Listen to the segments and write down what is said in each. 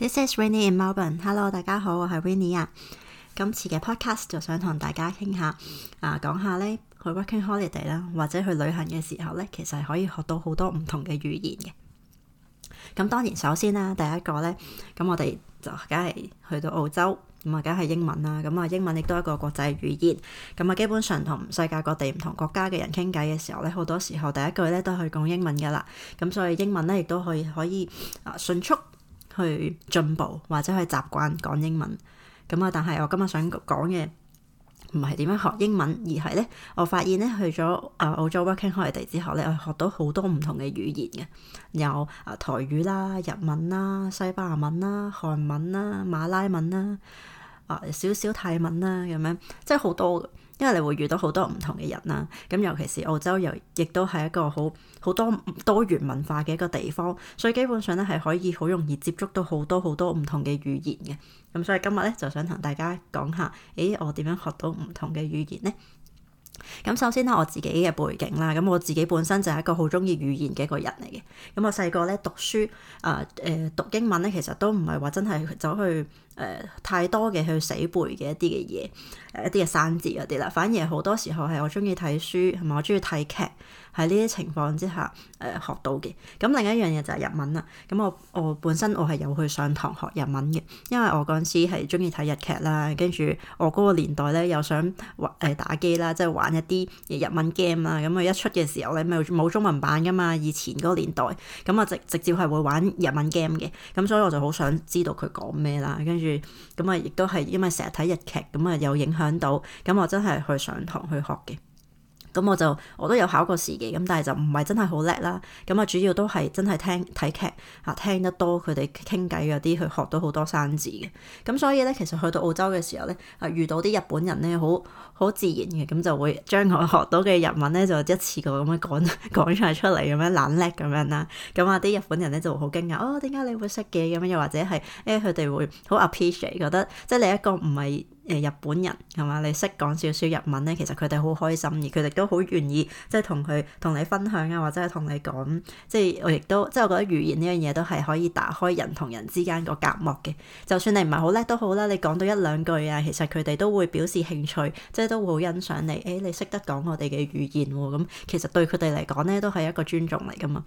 This is Winnie in Melbourne. Hello，大家好，我係 Winnie 啊。今次嘅 podcast 就想同大家傾下啊，講下咧，去 working holiday 啦，或者去旅行嘅時候咧，其實係可以學到好多唔同嘅語言嘅。咁當然，首先啦，第一個咧，咁我哋就梗係去到澳洲，咁啊，梗係英文啦。咁啊，英文亦都係一個國際語言。咁啊，基本上同世界各地唔同國家嘅人傾偈嘅時候咧，好多時候第一句咧都係講英文噶啦。咁所以英文咧亦都可以可以啊，迅速。去進步或者去習慣講英文咁啊！但係我今日想講嘅唔係點樣學英文，而係咧，我發現咧去咗啊澳洲 working holiday 之後咧，我學到好多唔同嘅語言嘅，有啊台語啦、日文啦、西班牙文啦、韓文啦、馬拉文啦、啊少少泰文啦咁樣，即係好多。因為你會遇到好多唔同嘅人啦，咁尤其是澳洲又亦都係一個好好多多元文化嘅一個地方，所以基本上咧係可以好容易接觸到好多好多唔同嘅語言嘅。咁所以今日咧，就想同大家講下，誒，我點樣學到唔同嘅語言咧？咁首先咧，我自己嘅背景啦，咁我自己本身就係一個好中意語言嘅一個人嚟嘅。咁我細個咧讀書，啊、呃、誒讀英文咧，其實都唔係話真係走去誒、呃、太多嘅去死背嘅一啲嘅嘢，誒一啲嘅生字嗰啲啦。反而好多時候係我中意睇書，同埋我中意睇劇。喺呢啲情況之下，誒、呃、學到嘅。咁另一樣嘢就係日文啦。咁我我本身我係有去上堂學日文嘅，因為我嗰陣時係鍾意睇日劇啦，跟住我嗰個年代咧又想玩誒打機啦，即係玩一啲日文 game 啦。咁啊一出嘅時候咧，咪冇中文版㗎嘛，以前嗰個年代，咁我直直接係會玩日文 game 嘅。咁所以我就好想知道佢講咩啦。跟住咁啊，亦都係因為成日睇日劇，咁啊有影響到。咁我真係去上堂去學嘅。咁我就我都有考過試嘅，咁但係就唔係真係好叻啦。咁啊，主要都係真係聽睇劇啊，聽得多佢哋傾偈嗰啲，佢學到好多生字嘅。咁所以咧，其實去到澳洲嘅時候咧，啊遇到啲日本人咧，好好自然嘅，咁就會將我學到嘅日文咧，就一次過咁樣講講晒出嚟，咁樣懶叻咁樣啦。咁啊，啲日本人咧就會好驚訝，哦點解你會識嘅？咁又或者係誒佢哋會好 appreciate 覺得，即係你一個唔係。誒日本人係嘛？你識講少少日文咧，其實佢哋好開心，而佢哋都好願意即係同佢同你分享啊，或者係同你講，即係我亦都即係我覺得語言呢樣嘢都係可以打開人同人之間個隔膜嘅。就算你唔係好叻都好啦，你講到一兩句啊，其實佢哋都會表示興趣，即係都會好欣賞你。誒、哎，你識得講我哋嘅語言喎咁，其實對佢哋嚟講咧都係一個尊重嚟㗎嘛。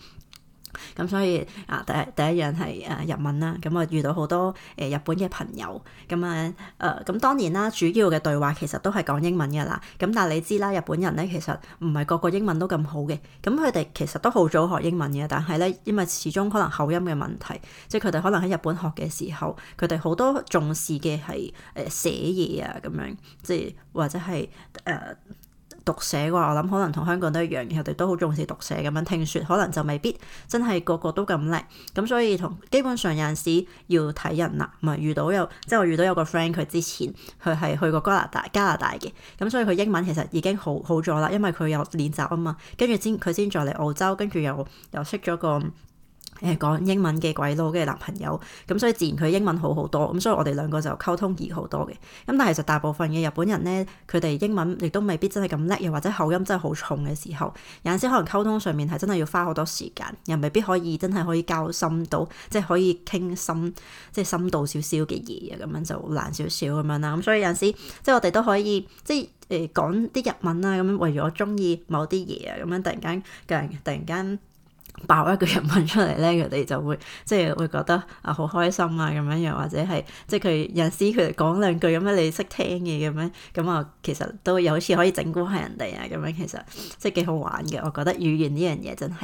咁所以啊，第一第一樣係誒日文啦。咁、嗯、我遇到好多誒、呃、日本嘅朋友咁啊，誒、嗯、咁、呃嗯、當然啦，主要嘅對話其實都係講英文嘅啦。咁但係你知啦，日本人咧其實唔係個個英文都咁好嘅。咁佢哋其實都好早學英文嘅，但係咧因為始終可能口音嘅問題，即佢哋可能喺日本學嘅時候，佢哋好多重視嘅係誒寫嘢啊咁樣，即係或者係誒。呃讀寫嘅話，我諗可能同香港都一樣，我哋都好重視讀寫咁樣。聽說可能就未必真係個個都咁叻，咁所以同基本上有陣時要睇人啦。唔係遇到有，即係我遇到有個 friend，佢之前佢係去過加拿大，加拿大嘅，咁所以佢英文其實已經好好咗啦，因為佢有練習啊嘛。跟住先，佢先再嚟澳洲，跟住又又識咗個。誒講英文嘅鬼佬，嘅男朋友，咁所以自然佢英文好好多，咁所以我哋兩個就溝通易好多嘅。咁但係其實大部分嘅日本人咧，佢哋英文亦都未必真係咁叻，又或者口音真係好重嘅時候，有陣時可能溝通上面係真係要花好多時間，又未必可以真係可以交心到，即係可以傾深，即係深度少少嘅嘢啊，咁樣就難少少咁樣啦。咁所以有陣時即係我哋都可以，即係誒、呃、講啲日文啊，咁樣為咗中意某啲嘢啊，咁樣突然間突然間。爆一句日文出嚟咧，佢哋就會即係、就是、會覺得啊好開心啊咁樣，又或者係即係佢有陣時佢哋講兩句咁樣，你識聽嘅咁樣，咁啊其實都有好似可以整蠱下人哋啊咁樣，其實即係幾好玩嘅。我覺得語言呢樣嘢真係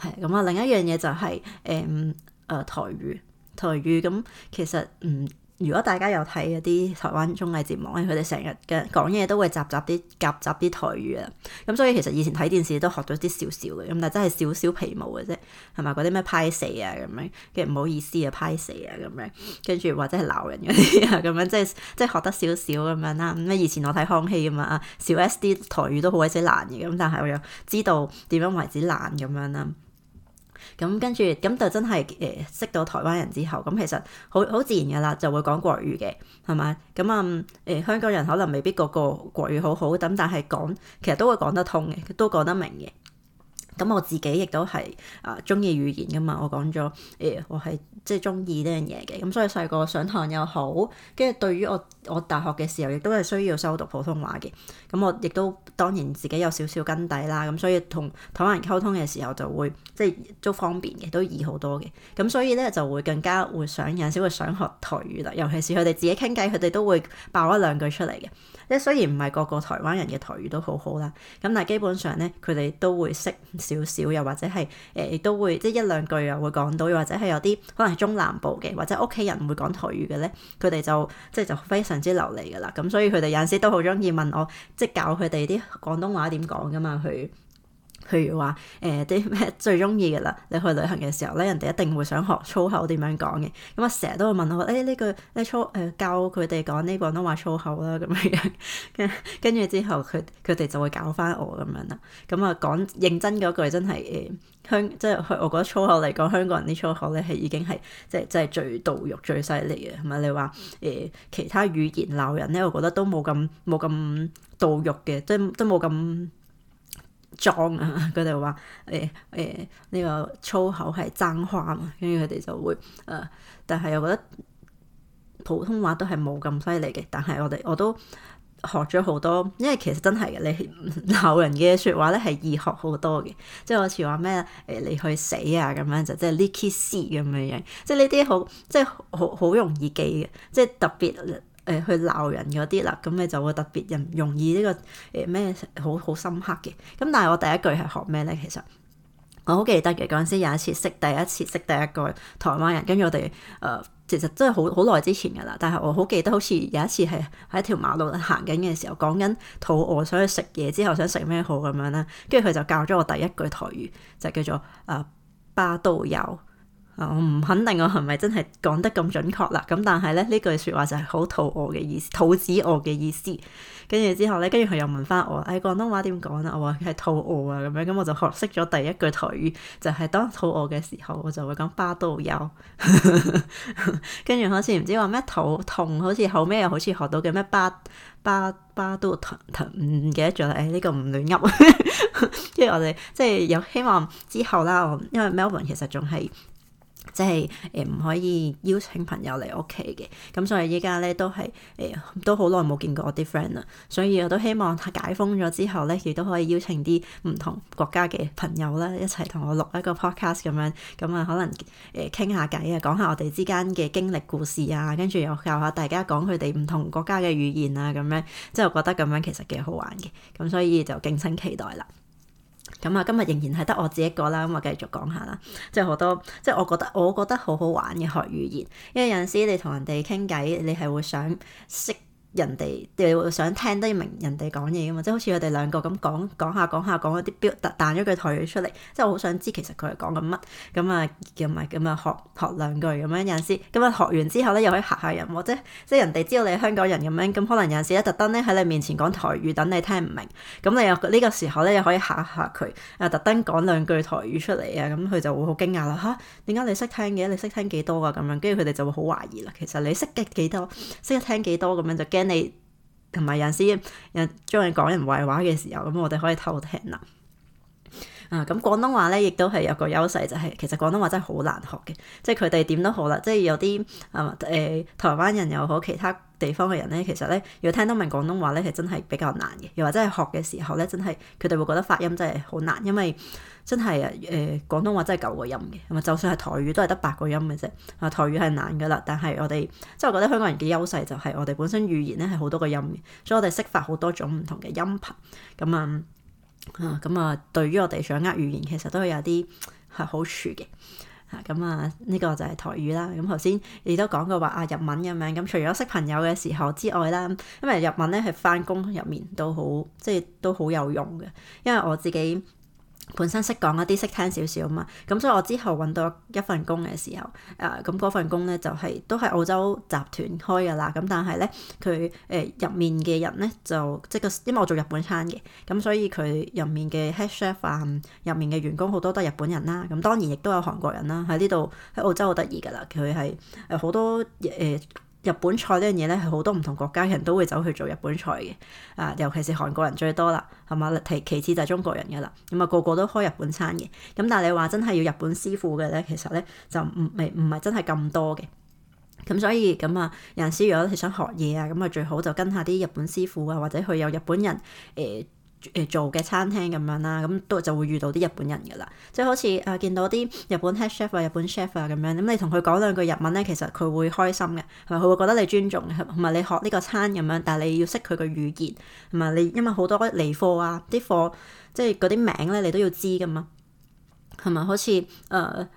係咁啊！另一樣嘢就係、是、嗯，誒、呃、台語，台語咁其實嗯。如果大家有睇嗰啲台灣綜藝節目咧，佢哋成日嘅講嘢都會雜雜啲、夾雜啲台語啊，咁、嗯、所以其實以前睇電視都學咗啲少少嘅，咁但真係少少皮毛嘅啫，係咪嗰啲咩「派四」啊咁樣，跟住唔好意思啊「派四」啊咁樣，跟住話真係鬧人嗰啲啊咁樣，即係即係學得少少咁樣啦。咁以前我睇康熙咁樣啊嘛，小 S 啲台語都好鬼死難嘅，咁但係我又知道點樣為之難咁樣啦。咁跟住咁就真係誒、欸、識到台灣人之後，咁其實好好自然嘅啦，就會講國語嘅，係咪？咁啊誒香港人可能未必個個國語好好，咁但係講其實都會講得通嘅，都講得明嘅。咁我自己亦都係啊，鍾、呃、意語言㗎嘛，我講咗誒，我係。即係中意呢樣嘢嘅，咁所以細個上堂又好，跟住對於我我大學嘅時候，亦都係需要修讀普通話嘅。咁我亦都當然自己有少少根底啦，咁所以同台灣人溝通嘅時候就會即係都方便嘅，都易好多嘅。咁所以呢就會更加會想，有時會想學台語啦。尤其是佢哋自己傾偈，佢哋都會爆一兩句出嚟嘅。即係雖然唔係個個台灣人嘅台語都好好啦，咁但係基本上呢，佢哋都會識少少，又或者係誒亦都會即係一兩句又會講到，又或者係有啲可能。中南部嘅或者屋企人唔會講台語嘅咧，佢哋就即係、就是、就非常之流利噶啦，咁所以佢哋有時都好中意問我，即、就、係、是、教佢哋啲廣東話點講噶嘛佢。譬如話誒啲咩最中意嘅啦，你去旅行嘅時候咧，人哋一定會想學粗口點樣講嘅。咁啊，成日都會問我，誒呢句呢粗誒、呃、教佢哋講呢廣東話粗口啦，咁樣。跟跟住之後，佢佢哋就會搞翻我咁樣啦。咁啊，講認真嗰句真係誒香，即係我覺得粗口嚟講，香港人啲粗口咧係已經係即係即係最到肉最犀利嘅。同埋你話誒其他語言鬧人咧，我覺得都冇咁冇咁到肉嘅，即係都冇咁。髒啊！佢哋話誒誒呢個粗口係髒話嘛，跟住佢哋就會誒、呃，但係又覺得普通話都係冇咁犀利嘅。但係我哋我都學咗好多，因為其實真係嘅，你鬧 人嘅說話咧係易學好多嘅，即係好似話咩誒你去死啊咁樣就即係呢啲詩咁嘅樣，就是、樣即係呢啲好即係好好容易記嘅，即係特別。誒去鬧人嗰啲啦，咁你就會特別人容易呢、呢個誒咩好好深刻嘅。咁但係我第一句係學咩咧？其實我好記得嘅，嗰陣時有一次識第一次識第一個台灣人，跟住我哋誒、呃、其實真係好好耐之前噶啦。但係我好記得好似有一次係喺一條馬路行緊嘅時候，講緊肚餓，想去食嘢之後想食咩好咁樣啦。跟住佢就教咗我第一句台語，就係、叫做誒八斗油。呃巴我唔肯定我係咪真係講得咁準確啦，咁但係咧，呢句說話就係好肚餓嘅意思，肚子餓嘅意思。跟住之後咧，跟住佢又問翻我，誒、哎、廣東話點講啦？我話佢係肚餓啊咁樣，咁我就學識咗第一句台語，就係、是、當肚餓嘅時候，我就會講巴都有。跟 住好似唔知話咩肚痛，好似後尾又好似學到嘅咩巴巴巴都有疼疼唔記得咗啦。誒、哎、呢、這個唔亂噏。跟 住我哋即係有希望之後啦，我因為 Melbourne 其實仲係。即係誒唔可以邀請朋友嚟屋企嘅，咁所以依家咧都係誒、呃、都好耐冇見過我啲 friend 啦，所以我都希望解封咗之後咧，亦都可以邀請啲唔同國家嘅朋友啦，一齊同我錄一個 podcast 咁樣，咁啊可能誒傾下偈啊，講、呃、下我哋之間嘅經歷故事啊，跟住又教下大家講佢哋唔同國家嘅語言啊，咁樣，即係我覺得咁樣，樣，樣，樣其實幾好玩嘅，咁所以就敬請期待啦～咁啊，今日仍然係得我自己一個啦，咁啊，繼續講下啦，即係好多，即係我覺得我覺得好好玩嘅學語言，因為有陣時你同人哋傾偈，你係會想識。人哋你想聽得明人哋講嘢啊嘛，即係好似佢哋兩個咁講講下講下講嗰啲標彈咗句台語出嚟，即係我好想知其實佢係講緊乜，咁啊咁咪咁啊學學兩句咁樣有陣時，咁啊學完之後咧又可以嚇下人，或者即係人哋知道你係香港人咁樣，咁可能有陣時咧特登咧喺你面前講台語等你聽唔明，咁你又呢個時候咧又可以嚇一嚇佢又特登講兩句台語出嚟啊，咁佢就會好驚訝啦嚇，點解你識聽嘅？你識聽幾多啊？咁樣跟住佢哋就會好懷疑啦。其實你識嘅幾多，識得聽幾多咁樣就驚。你同埋有陣時有人將你講人壞話嘅時候，咁我哋可以偷聽啦。啊，咁、嗯、廣東話咧，亦都係有個優勢，就係、是、其實廣東話真係好難學嘅，即係佢哋點都好啦，即係有啲啊誒台灣人又好，其他地方嘅人咧，其實咧要聽得明廣東話咧，係真係比較難嘅，又或者係學嘅時候咧，真係佢哋會覺得發音真係好難，因為真係啊誒廣東話真係九個音嘅，咁啊就算係台語都係得八個音嘅啫，啊台語係難㗎喇，但係我哋即係我覺得香港人嘅優勢就係我哋本身語言咧係好多個音嘅，所以我哋識發好多種唔同嘅音頻，咁、嗯、啊。啊，咁啊、嗯嗯，對於我哋掌握語言其實都係有啲係好處嘅，啊、嗯，咁、嗯、啊，呢、這個就係台語啦。咁頭先你都講過話啊，日文咁樣，咁、嗯、除咗識朋友嘅時候之外啦，因為日文咧係翻工入面都好，即係都好有用嘅，因為我自己。本身識講一啲識聽少少嘛，咁所以我之後揾到一份工嘅時候，誒咁嗰份工咧就係、是、都係澳洲集團開嘅啦，咁但係咧佢誒入面嘅人咧就即個，因為我做日本餐嘅，咁所以佢入面嘅 head chef 啊，入面嘅員工好多都係日本人啦、啊，咁當然亦都有韓國人啦、啊，喺呢度喺澳洲好得意噶啦，佢係誒好多誒。呃日本菜呢樣嘢咧，係好多唔同國家嘅人都會走去做日本菜嘅，啊，尤其是韓國人最多啦，係嘛？其其次就係中國人嘅啦，咁啊個個都開日本餐嘅，咁但係你話真係要日本師傅嘅咧，其實咧就唔未唔係真係咁多嘅，咁所以咁啊，有陣時如果你想學嘢啊，咁啊最好就跟下啲日本師傅啊，或者佢有日本人誒。呃誒做嘅餐廳咁樣啦，咁都就會遇到啲日本人噶啦，即好似誒、呃、見到啲日本 head chef 啊、日本 chef 啊咁樣，咁你同佢講兩句日文咧，其實佢會開心嘅，係咪？佢會覺得你尊重嘅，同埋你學呢個餐咁樣，但係你要識佢個語言，同埋你因為好多嚟貨啊，啲貨即係嗰啲名咧，你都要知噶嘛，係咪？好似誒。呃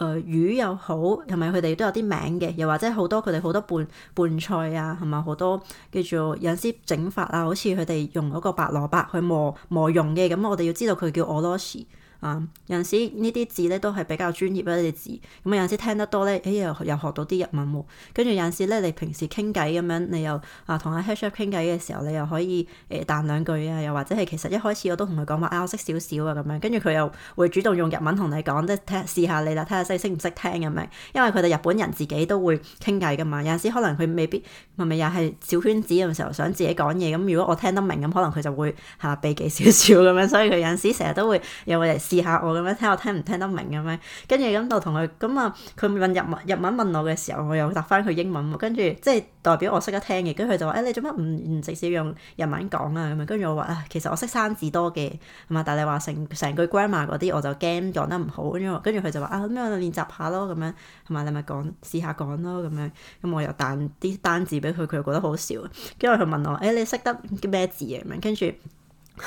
誒、呃、魚又好，同埋佢哋都有啲名嘅，又或者好多佢哋好多拌拌菜啊，同埋好多叫做有啲整法啊。好似佢哋用嗰個白蘿蔔去磨磨蓉嘅，咁我哋要知道佢叫俄羅斯。啊、嗯！有時呢啲字咧都係比較專業呢啲字，咁、嗯、啊有時聽得多咧，哎又又學到啲日文喎、啊。跟住有時咧，你平時傾偈咁樣，你又啊同阿 hashup e 傾偈嘅時候，你又可以誒、欸、彈兩句啊，又或者係其實一開始我都同佢講話，哎、我點點啊我識少少啊咁樣，跟住佢又會主動用日文同你講，即係睇試下你啦，睇下即係識唔識聽咁、啊、樣。因為佢哋日本人自己都會傾偈噶嘛，有時可能佢未必係咪又係小圈子嘅時候想自己講嘢，咁如果我聽得明咁，可能佢就會係嘛避忌少少咁樣，所以佢有時成日都會有嚟。又會試下我咁樣，聽我聽唔聽得明咁樣，跟住咁就同佢咁啊，佢問日文，日文問我嘅時候，我又答翻佢英文，跟住即係代表我識得聽嘅，跟住佢就話誒、哎、你做乜唔唔直接用日文講啊咁樣，跟住我話啊、哎、其實我識生字多嘅，係嘛，但你話成成句 grammar 嗰啲我就驚講得唔好，跟住，跟住佢就話啊咁咩練習下咯咁樣，同埋你咪講試下講咯咁樣，咁我又彈啲單字俾佢，佢又覺得好笑，跟住佢問我誒、哎、你識得啲咩字啊咁樣，跟住。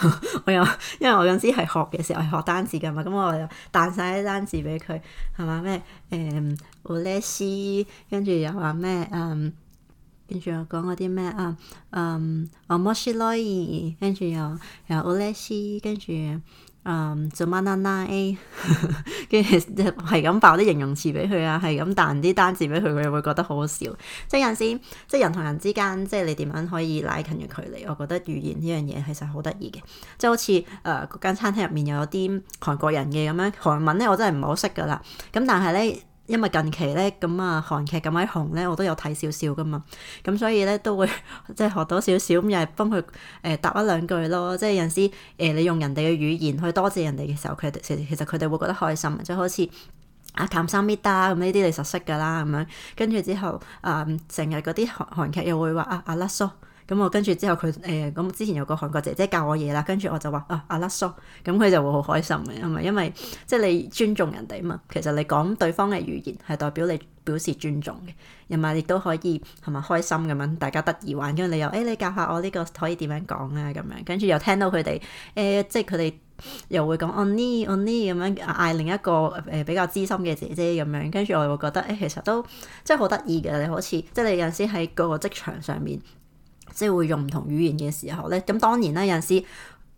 我又，因為我嗰時係學嘅時候係學單字嘅嘛，咁、嗯、我又彈曬啲單字俾佢，係嘛，咩誒 Olesya，跟住又話咩誒，跟住又講嗰啲咩啊嗯，哦 m o s i l o y 跟住又、嗯、又 Olesya，跟住。嗯嗯，做乜啦啦，跟住係咁爆啲形容詞俾佢啊，係咁彈啲單字俾佢，佢又會覺得好好笑。 即係有陣時，即係人同人之間，即係你點樣可以拉近住距離？我覺得語言呢樣嘢其實好得意嘅，即係好似誒嗰間餐廳入面又有啲韓國人嘅咁樣，韓文咧我真係唔係好識噶啦。咁但係咧。因為近期咧，咁啊韓劇咁鬼紅咧，我都有睇少少噶嘛，咁所以咧都會即係學到少少，咁又係幫佢誒答一兩句咯，即係有時誒、呃、你用人哋嘅語言去多謝人哋嘅時候，佢哋其實佢哋會覺得開心，即係好似阿 cam s 咁呢啲你實識噶啦，咁樣，跟住之後啊成日嗰啲韓韓劇又會話啊阿拉叔」啊。啊啊啊啊啊。咁我跟住之後，佢誒咁之前有個韓國姐姐教我嘢啦。跟住我就話啊，阿拉叔咁，佢就會好開心嘅，係咪？因為即係你尊重人哋啊嘛。其實你講對方嘅語言係代表你表示尊重嘅，人哋亦都可以係咪開心咁樣？大家得意玩，跟住你又誒、哎，你教下我呢個可以點樣講啊？咁樣跟住又聽到佢哋誒，即係佢哋又會講 onie onie 咁樣嗌另一個誒、呃、比較知心嘅姐姐咁樣。跟住我會覺得誒、哎，其實都真係好得意嘅。你好似即係你有時喺嗰個職場上面。即係會用唔同語言嘅時候咧，咁當然啦，有時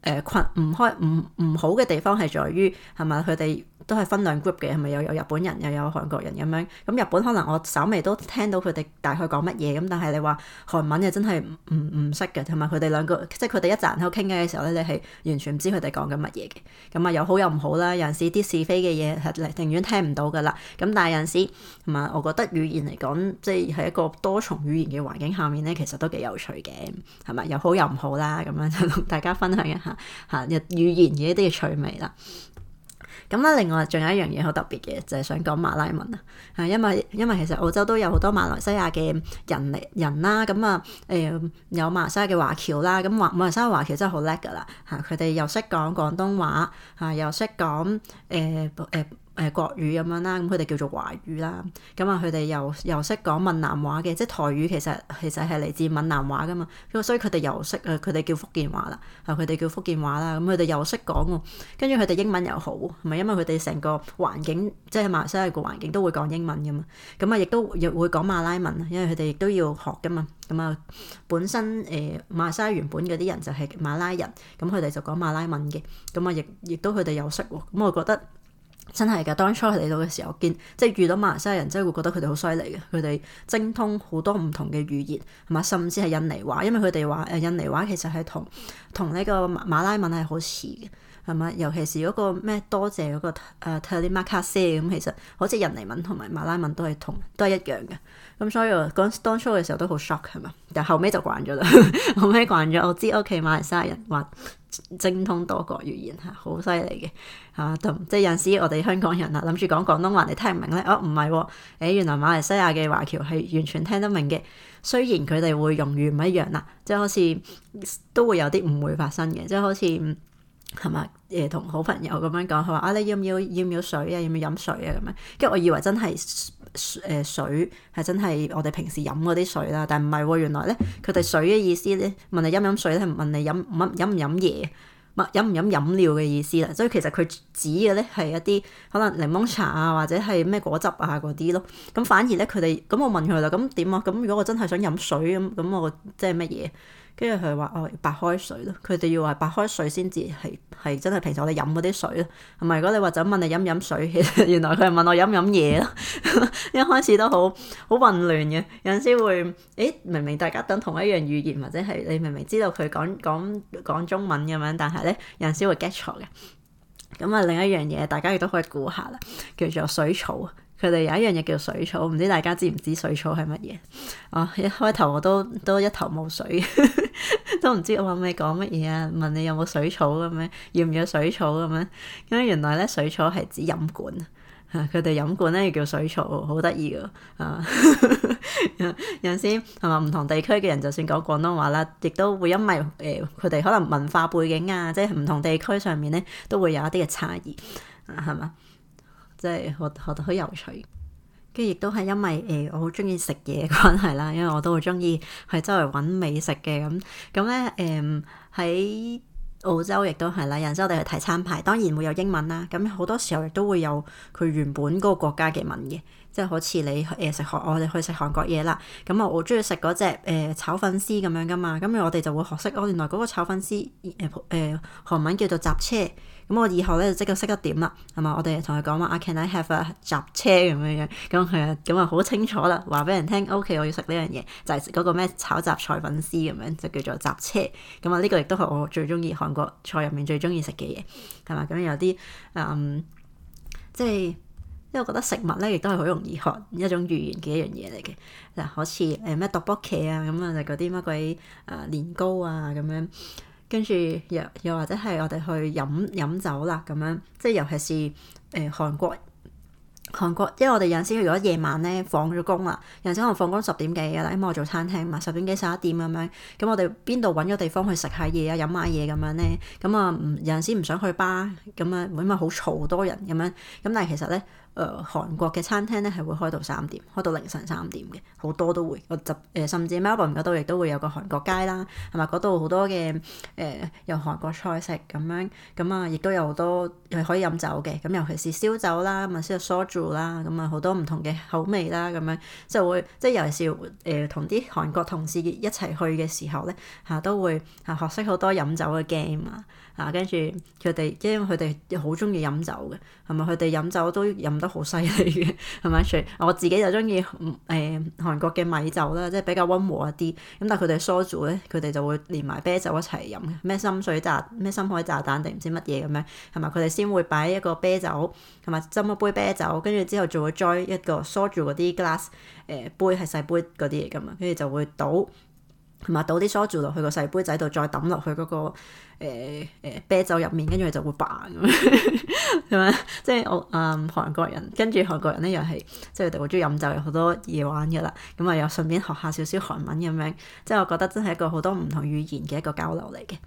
誒羣唔開，唔唔好嘅地方係在於係咪佢哋？都係分兩 group 嘅，係咪又有日本人又有韓國人咁樣？咁日本可能我稍微都聽到佢哋大概講乜嘢咁，但係你話韓文又真係唔唔唔識嘅，同埋佢哋兩個即係佢哋一陣喺度傾偈嘅時候咧，你係完全唔知佢哋講緊乜嘢嘅。咁啊，有好有唔好啦，有陣時啲是非嘅嘢係寧願聽唔到噶啦。咁但係有陣時同埋我覺得語言嚟講，即係喺一個多重語言嘅環境下面咧，其實都幾有趣嘅，係咪？有好有唔好啦，咁樣就同大家分享一下嚇，日語言嘅一啲嘅趣味啦。咁啦，另外仲有一樣嘢好特別嘅，就係、是、想講馬來文啊，嚇，因為因為其實澳洲都有好多馬來西亞嘅人嚟人啦，咁啊，誒、呃、有馬來西亞嘅華僑啦，咁馬馬來西亞華僑真係好叻㗎喇，嚇，佢哋又識講廣東話，嚇，又識講誒誒。呃誒國語咁樣啦，咁佢哋叫做華語啦。咁啊，佢哋又又識講閩南話嘅，即台語其實其實係嚟自閩南話噶嘛。咁所以佢哋又識啊，佢哋叫福建話啦。啊，佢哋叫福建話啦。咁佢哋又識講喎。跟住佢哋英文又好，係咪因為佢哋成個環境即係馬來西亞個環境都會講英文噶嘛？咁啊，亦都亦會講馬拉文啊，因為佢哋亦都要學噶嘛。咁啊，本身誒馬來西亞原本嗰啲人就係馬拉人，咁佢哋就講馬拉文嘅。咁啊，亦亦都佢哋又識喎。咁我覺得。真係㗎，當初嚟到嘅時候，見即係遇到馬來西亞人，真係會覺得佢哋好犀利嘅。佢哋精通好多唔同嘅語言，同埋甚至係印尼話，因為佢哋話誒印尼話其實係同同呢個馬，馬拉文係好似嘅。係咪？尤其是嗰個咩多謝嗰個，誒，Terima Kasih 咁，其實好似印尼文同埋馬來文都係同都係一樣嘅。咁所以嗰當初嘅時候都好 shock 係咪？但後尾就慣咗啦。 後尾慣咗，我知屋企馬來西亞人話精通多國語言嚇，好犀利嘅係嘛。即係有時我哋香港人啊，諗住講廣東話你聽唔明咧，哦唔係，誒、哦、原來馬來西亞嘅華僑係完全聽得明嘅。雖然佢哋會用語唔一樣啦，即好似都會有啲誤會發生嘅，即好似。係嘛？誒，同好朋友咁樣講，佢話啊，你要唔要要唔要水啊？要唔要飲水啊？咁樣，跟住我以為真係誒水係、呃、真係我哋平時飲嗰啲水啦，但唔係喎？原來咧，佢哋水嘅意思咧，問你飲唔飲水咧，係問你飲唔飲唔飲嘢，問飲唔飲飲料嘅意思啦。所以其實佢指嘅咧係一啲可能檸檬茶啊，或者係咩果汁啊嗰啲咯。咁反而咧，佢哋咁我問佢啦，咁點啊？咁如果我真係想飲水咁，咁我即係乜嘢？跟住佢話：哦，白開水咯，佢哋要話白開水先至係係真係平時我哋飲嗰啲水咯。唔係如果你話想問你飲唔飲水，原來佢係問我飲唔飲嘢咯。 一開始都好好混亂嘅，有陣時會誒明明大家等同一樣語言或者係你明明知道佢講講講中文咁樣，但係咧有陣時會 get 錯嘅。咁啊另一樣嘢大家亦都可以估下啦，叫做水草。佢哋有一樣嘢叫做水草，唔知大家知唔知水草係乜嘢？啊一開頭我都都一頭霧水。 都唔知我問你講乜嘢啊？問你有冇水草咁樣？要唔要水草咁樣？咁原來咧水草係指飲管，佢哋飲管咧叫水草，好得意噶。 有陣時係咪唔同地區嘅人，就算講廣東話啦，亦都會因為誒，佢、呃、哋可能文化背景啊，即係唔同地區上面咧，都會有一啲嘅差異，係嘛？即係學學得好有趣。跟住亦都係因為誒、呃、我好中意食嘢嘅關係啦，因為我都好中意去周圍揾美食嘅咁。咁咧誒喺澳洲亦都係啦，有陣時我哋去睇餐牌，當然會有英文啦。咁、嗯、好多時候亦都會有佢原本嗰個國家嘅文嘅，即係好似你誒食韓我哋去食韓國嘢啦。咁、嗯、我好中意食嗰隻嗰隻誒、呃、炒粉絲咁樣噶嘛。咁我哋就會學識，原來嗰個炒粉絲誒誒韓文叫做雜車。咁我以後咧就即刻識得點啦，係嘛？我哋同佢講話 Can I have a 雜車咁樣樣，咁係啊，咁啊好清楚啦，話俾人聽，OK，我要食呢樣嘢，就係食嗰個咩炒雜菜粉絲咁樣，就叫做雜車。咁啊，呢個亦都係我最中意韓國菜入面最中意食嘅嘢，係嘛？咁有啲嗯，即係因為我覺得食物咧，亦都係好容易學一種語言嘅一樣嘢嚟嘅。嗱，好似誒咩 Tobokki 啊，咁啊，就嗰啲乜鬼啊年糕啊咁樣。跟住又又或者係我哋去飲飲酒啦咁樣，即係尤其是誒、欸、韓國韓國，因為我哋有陣時如果夜晚咧放咗工啦，有陣時可能放工十點幾啦，因為我做餐廳嘛，十點幾十一點咁樣，咁我哋邊度揾個地方去食下嘢啊、飲下嘢咁樣咧，咁啊唔有陣時唔想去吧，咁啊，因為好嘈、好多人咁樣，咁但係其實咧。誒、呃、韓國嘅餐廳咧係會開到三點，開到凌晨三點嘅，好多都會。我、呃、甚至 Melbourne 嗰度亦都會有個韓國街啦，係咪嗰度好多嘅誒有韓國菜式咁樣，咁啊亦都有好多係可以飲酒嘅，咁尤其是燒酒啦，咪先有 soju 啦，咁啊好多唔同嘅口味啦，咁樣就會即係尤其是誒同啲韓國同事一齊去嘅時候咧嚇、啊、都會嚇學識好多飲酒嘅 game 啊，啊跟住佢哋因為佢哋好鍾意飲酒嘅，係咪佢哋飲酒都飲到。都好犀利嘅，係咪先？我自己就中意誒韓國嘅米酒啦，即係比較溫和一啲。咁但佢哋蘇住咧，佢哋就會連埋啤酒一齊飲嘅，咩深水炸、咩深海炸彈定唔知乜嘢咁樣，係咪？佢哋先會擺一個啤酒，係咪？斟一杯啤酒，跟住之後就會裝一個蘇住嗰啲 glass 誒杯係細、呃、杯嗰啲嘢噶嘛，跟住就會倒。同埋倒啲梳打落去個細杯仔度，再抌落去嗰、那個誒誒、呃呃、啤酒入面，跟住就會扮咁樣，係 咪？即係我誒、嗯、韓國人，跟住韓國人咧又係，即係佢哋好中意飲酒，有好多嘢玩噶啦。咁啊，又順便學下少少韓文咁樣，即係我覺得真係一個好多唔同語言嘅一個交流嚟嘅。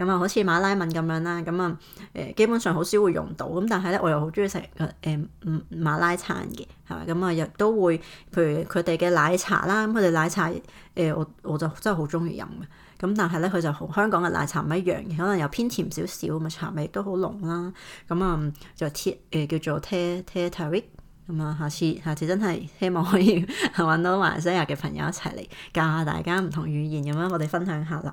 咁啊，好似、嗯、馬拉文咁樣啦，咁、嗯、啊，誒基本上好少會用到，咁但係咧，我又好中意食誒嗯馬拉餐嘅，係咪？咁啊又都會，譬如佢哋嘅奶茶啦，咁佢哋奶茶誒、嗯、我我就真係好中意飲嘅，咁、嗯、但係咧佢就同香港嘅奶茶唔一樣嘅，可能又偏甜少少，咪茶味都好濃啦，咁、嗯、啊、嗯、就 t e、呃、叫做 teh tarik。咁啊下次下次真係希望可以係揾到馬來西亞嘅朋友一齊嚟教下大家唔同語言咁樣、嗯，我哋分享下啦。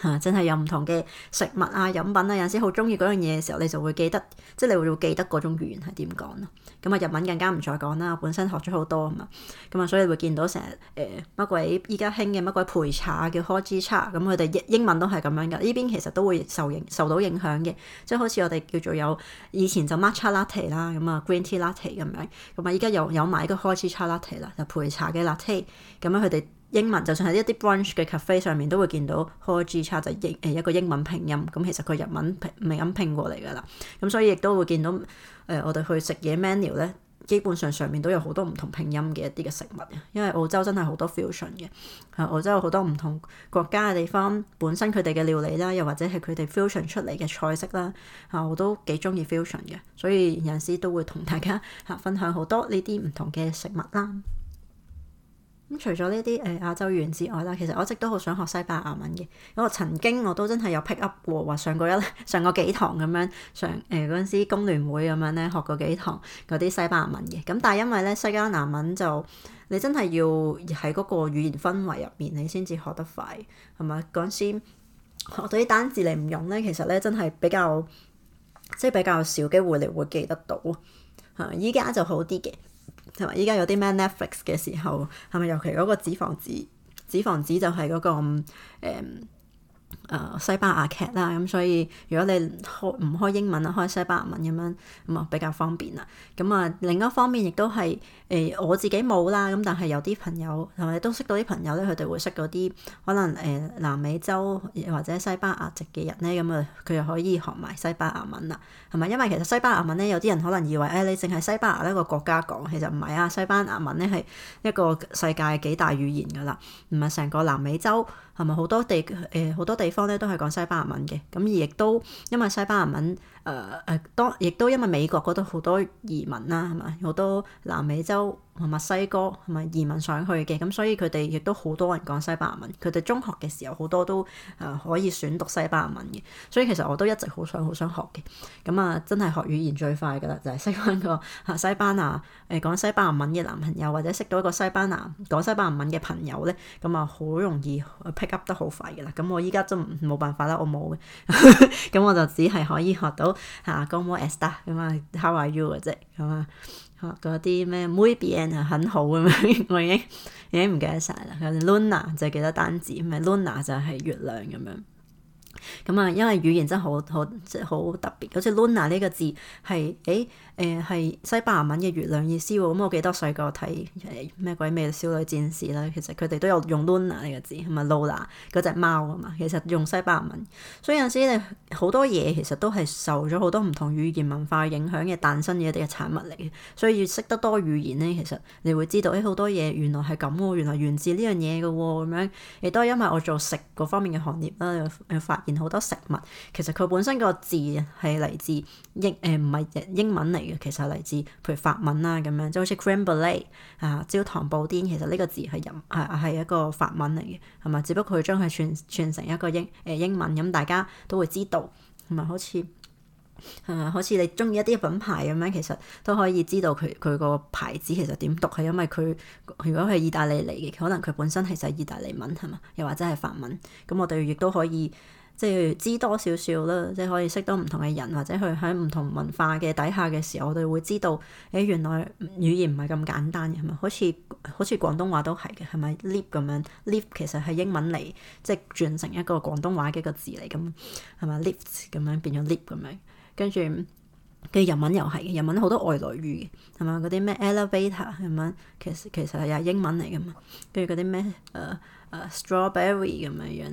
嚇、啊！真係有唔同嘅食物啊、飲品啊，有陣時好中意嗰樣嘢嘅時候，你就會記得，即係你會記得嗰種語言係點講咯。咁、嗯、啊，日文更加唔再講啦，我本身學咗好多啊嘛。咁、嗯、啊，所以會見到成日誒乜、呃、鬼依家興嘅乜鬼焙茶啊，叫開支茶，咁佢哋英文都係咁樣噶。呢邊其實都會受影受到影響嘅，即係好似我哋叫做有以前就 matcha latte 啦，咁啊 green tea latte 咁樣，咁啊，依家又有買個開支茶 latte 啦，就焙、是、茶嘅 latte，咁樣佢哋。英文就算喺一啲 brunch 嘅 cafe 上面都會見到 ho g 叉就英誒一個英文拼音，咁其實佢日文唔係咁拼過嚟㗎啦。咁所以亦都會見到誒、呃、我哋去食嘢 menu 咧，基本上上面都有好多唔同拼音嘅一啲嘅食物，因為澳洲真係好多 fusion 嘅，係澳洲好多唔同國家嘅地方，本身佢哋嘅料理啦，又或者係佢哋 fusion 出嚟嘅菜式啦，嚇我都幾中意 fusion 嘅，所以人士都會同大家嚇分享好多呢啲唔同嘅食物啦。除咗呢啲誒亞洲語言之外啦，其實我一直都好想學西班牙文嘅。咁我曾經我都真係有 pick up 過，話上過一上過幾堂咁樣，上誒嗰陣時工聯會咁樣咧學過幾堂嗰啲西班牙文嘅。咁但係因為咧西班牙文就你真係要喺嗰個語言氛圍入面，你先至學得快係咪？嗰陣時學到啲單字你唔用咧，其實咧真係比較即係、就是、比較少機會你會記得到嚇。依家就好啲嘅。同埋依家有啲咩 Netflix 嘅時候，係咪尤其嗰個紙房子，紙房子就係嗰個誒？嗯誒西班牙劇啦，咁、嗯、所以如果你開唔開英文啊，開西班牙文咁樣，咁、嗯、啊比較方便啦。咁、嗯、啊另一方面亦都係誒我自己冇啦，咁、嗯、但係有啲朋友同埋你都識到啲朋友咧，佢哋會識嗰啲可能誒、欸、南美洲或者西班牙籍嘅人咧，咁啊佢又可以學埋西班牙文啦，係咪？因為其實西班牙文咧有啲人可能以為誒、欸、你淨係西班牙一個國家講，其實唔係啊，西班牙文咧係一個世界幾大語言噶啦，唔係成個南美洲係咪好多地誒好、呃、多地方方咧都係講西班牙文嘅，咁亦都因為西班牙文。誒誒、呃，當亦都因為美國嗰度好多移民啦，係嘛？好多南美洲同墨西哥係咪移民上去嘅？咁、嗯、所以佢哋亦都好多人講西班牙文。佢哋中學嘅時候好多都誒、呃、可以選讀西班牙文嘅，所以其實我都一直好想好想學嘅。咁啊，真係學語言最快㗎啦，就係、是、識翻個西班牙誒、呃、講西班牙文嘅男朋友，或者識到一個西班牙講西班牙文嘅朋友咧，咁啊好容易 pick up 得好快㗎啦。咁我依家都冇辦法啦，我冇，嘅、 嗯。咁我就只係可以學到。嚇，咁我 ask 咁啊，how are you 啊啫，咁啊，嗰啲咩 muy bien 係很好咁樣， 我已經已經唔記得曬啦。有隻 luna 就係記得單字，咩 luna 就係月亮咁樣。咁啊，因為語言真係好好即係好特別，好似 Luna 呢個字係誒誒係西班牙文嘅月亮意思喎。咁、欸、我記得細個睇誒咩鬼美少女戰士啦，其實佢哋都有用 Luna 呢個字，係咪 Luna 嗰隻貓啊嘛？其實用西班牙文，所以有陣時你好多嘢其實都係受咗好多唔同語言文化影響嘅誕生嘅一啲嘅產物嚟嘅。所以越識得多語言咧，其實你會知道誒好、欸、多嘢原來係咁喎，原來源自呢樣嘢㗎喎，咁樣亦都係因為我做食嗰方面嘅行業啦，有有發現好多食物，其實佢本身個字係嚟自英誒，唔、呃、係英文嚟嘅，其實係嚟自譬如法文啦、啊。咁樣，就好似 crème caramel 啊，焦糖布丁，其實呢個字係入係係一個法文嚟嘅，係咪？只不過佢將佢串串成一個英誒、呃、英文，咁大家都會知道，同埋好似係咪？好似、啊、你中意一啲品牌咁樣，其實都可以知道佢佢個牌子其實點讀，係因為佢如果係意大利嚟嘅，可能佢本身係寫意大利文係咪？又或者係法文，咁我哋亦都可以。即係知多少少啦，即係可以識到唔同嘅人或者佢喺唔同文化嘅底下嘅時候，我哋會知道誒、欸、原來語言唔係咁簡單嘅嘛，好似好似廣東話都係嘅，係咪 lift 咁樣 lift 其實係英文嚟，即係轉成一個廣東話嘅一個字嚟咁，係咪 lift 咁樣變咗 lift 咁樣，跟住跟住日文又係嘅，日文好多外來語嘅，係咪嗰啲咩 elevator 咁樣，其實其實係又係英文嚟嘅嘛，跟住嗰啲咩誒誒 strawberry 咁嘅樣，樣。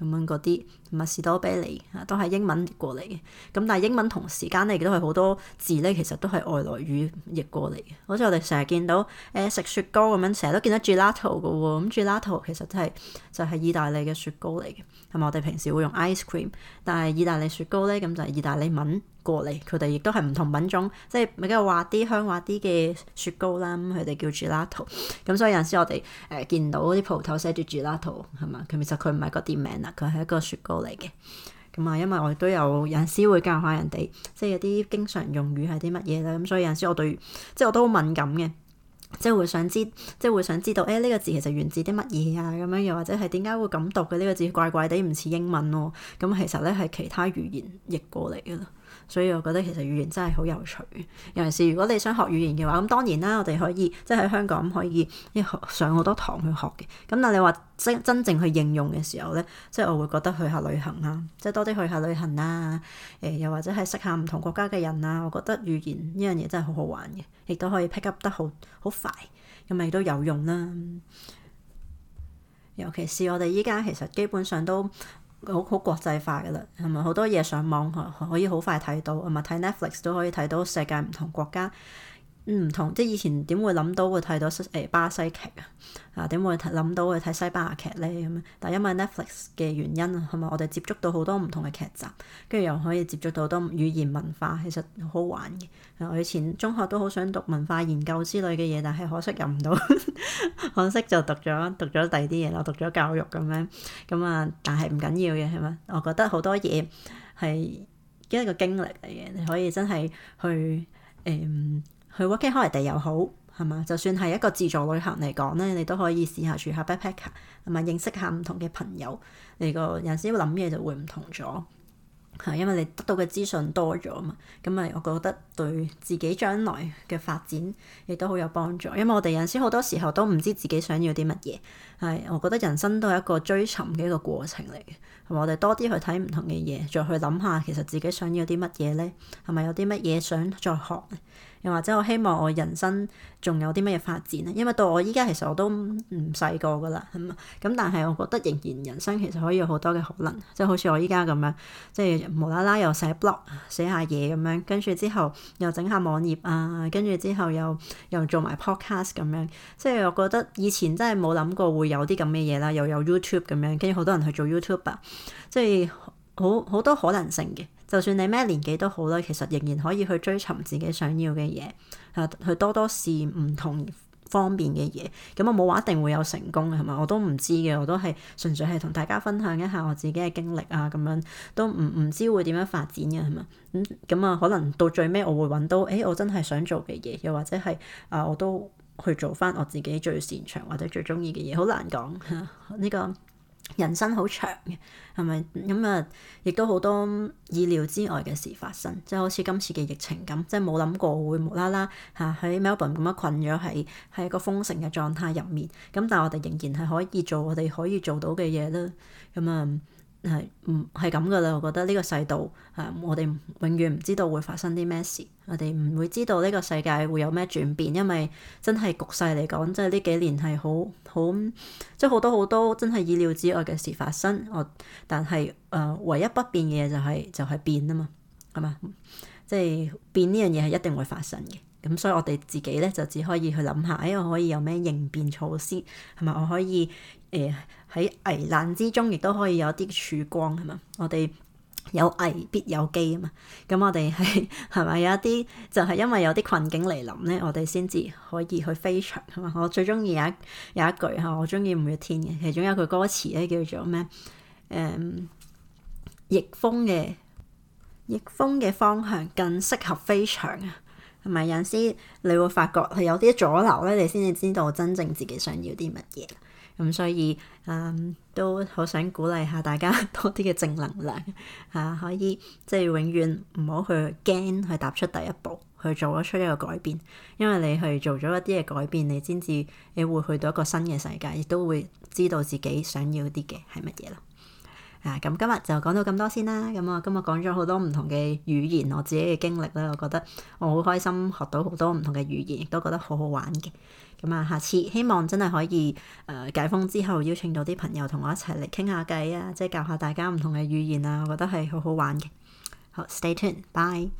咁樣嗰啲，同埋士多啤梨啊，都係英文譯過嚟嘅。咁但係英文同時間咧，亦都係好多字咧，其實都係外來語譯過嚟嘅。好似我哋成日見到誒食雪糕咁樣，成日都見到 gelato 嘅喎、哦。咁 gelato 其實就係、是、就係、是、意大利嘅雪糕嚟嘅，同埋我哋平時會用 ice cream，但係意大利雪糕咧咁就係意大利文。過嚟佢哋亦都係唔同品種，即係咪比較滑啲香滑啲嘅雪糕啦？咁佢哋叫 gelato，咁、嗯、所以有陣時我哋誒、呃、見到啲鋪頭寫住 gelato 係嘛？佢其實佢唔係個店名啦，佢係一個雪糕嚟嘅。咁、嗯、啊，因為我亦都有有陣時會教下人哋，即係有啲經常用語係啲乜嘢啦。咁、嗯、所以有陣時我對即係我都好敏感嘅，即係會想知，即係會想知道誒呢、哎這個字其實源自啲乜嘢啊？咁樣又或者係點解會咁讀嘅呢、這個字？怪怪地唔似英文咯、哦。咁、嗯、其實咧係其他語言譯過嚟嘅啦。所以我覺得其實語言真係好有趣，尤其是如果你想學語言嘅話，咁當然啦，我哋可以即係喺香港可以一學上好多堂去學嘅。咁但你話真真正去應用嘅時候咧，即係我會覺得去下旅行啦，即多啲去下旅行啦。誒、呃，又或者係識下唔同國家嘅人啊，我覺得語言呢樣嘢真係好好玩嘅，亦都可以 pick up 得好好快，咁咪都有用啦。尤其是我哋依家其實基本上都。好好國際化㗎啦，係咪好多嘢上網可以可以好快睇到？係咪睇 Netflix 都可以睇到世界唔同國家？嗯、唔同，即以前點會諗到會睇到誒、欸、巴西劇啊？啊點會諗到會睇西班牙劇咧咁？但因為 Netflix 嘅原因啊，係咪？我哋接觸到好多唔同嘅劇集，跟住又可以接觸到好多語言文化，其實好玩嘅、啊。我以前中學都好想讀文化研究之類嘅嘢，但係可惜入唔到， 可惜就讀咗讀咗第二啲嘢啦，我讀咗教育咁樣咁啊，但係唔緊要嘅係咪？我覺得好多嘢係一個經歷嚟嘅，你可以真係去誒。嗯去 working holiday 又好，係嘛？就算係一個自助旅行嚟講咧，你都可以試下住下背包客，係咪？認識下唔同嘅朋友。你個人生諗嘢就會唔同咗，係因為你得到嘅資訊多咗啊嘛。咁咪，我覺得對自己將來嘅發展亦都好有幫助。因為我哋人生好多時候都唔知自己想要啲乜嘢。係，我覺得人生都係一個追尋嘅一個過程嚟嘅，係咪？同埋我哋多啲去睇唔同嘅嘢，再去諗下其實自己想要啲乜嘢咧？係咪有啲乜嘢想再學？又或者我希望我人生仲有啲乜嘢發展咧？因為到我依家其實我都唔細個噶啦，咁咁，但係我覺得仍然人生其實可以有好多嘅可能，即係好似我依家咁樣，即係無啦啦又寫 blog 寫下嘢咁樣，跟住之後又整下網頁啊，跟住之後又又做埋 podcast 咁樣，即係我覺得以前真係冇諗過會。有啲咁嘅嘢啦，又有 YouTube 咁樣，跟住好多人去做 YouTube 啊，即係好好多可能性嘅。就算你咩年紀都好啦，其實仍然可以去追尋自己想要嘅嘢，啊，去多多試唔同方面嘅嘢。咁啊，冇話一定會有成功嘅，係咪？我都唔知嘅，我都係純粹係同大家分享一下我自己嘅經歷啊，咁樣都唔唔知會點樣發展嘅，係咪？咁、嗯、咁啊，可能到最尾我會揾到，誒、欸，我真係想做嘅嘢，又或者係啊，我都。去做翻我自己最擅長或者最中意嘅嘢，好難講。呢個人生好長嘅，係咪咁啊？亦都好多意料之外嘅事發生，即係好似今次嘅疫情咁，即係冇諗過會無啦啦嚇喺 Melbourne 咁樣困咗喺喺一個封城嘅狀態入面。咁但係我哋仍然係可以做我哋可以做到嘅嘢啦。咁啊～係唔係咁噶啦？我覺得呢個世道，誒，我哋永遠唔知道會發生啲咩事，我哋唔會知道呢個世界會有咩轉變，因為真係局勢嚟講，即係呢幾年係好好，即係好多好多真係意料之外嘅事發生。我但係誒、呃、唯一不變嘅嘢就係、係、就係、係、變啊嘛，係嘛，即、就、係、係、變呢樣嘢係一定會發生嘅。咁所以我哋自己咧就只可以去諗下，誒、哎，我可以有咩應變措施，係咪我可以？誒，喺危難之中，亦都可以有啲曙光，係嘛？我哋有危必有機啊嘛！咁我哋係係咪有一啲，就係因為有啲困境嚟臨咧，我哋先至可以去飛翔，係嘛？我最中意有一有一句吓，我中意五月天嘅，其中有一句歌詞咧叫做咩？誒，逆風嘅逆風嘅方向更適合飛翔啊！係咪有陣時，你會發覺係有啲阻撓咧，你先至知道真正自己想要啲乜嘢。咁、嗯、所以，嗯，都好想鼓勵下大家多啲嘅正能量，嚇、啊、可以即係、就是、永遠唔好去驚去踏出第一步，去做得出一個改變。因為你去做咗一啲嘅改變，你先至你會去到一個新嘅世界，亦都會知道自己想要啲嘅係乜嘢啦。啊，咁今日就講到咁多先啦。咁我今日講咗好多唔同嘅語言，我自己嘅經歷咧，我覺得我好開心學到好多唔同嘅語言，亦都覺得好好玩嘅。咁啊，下次希望真係可以誒、呃、解封之後邀請到啲朋友同我一齊嚟傾下偈啊！即係教下大家唔同嘅語言啊，我覺得係好好玩嘅。好，stay tuned，bye。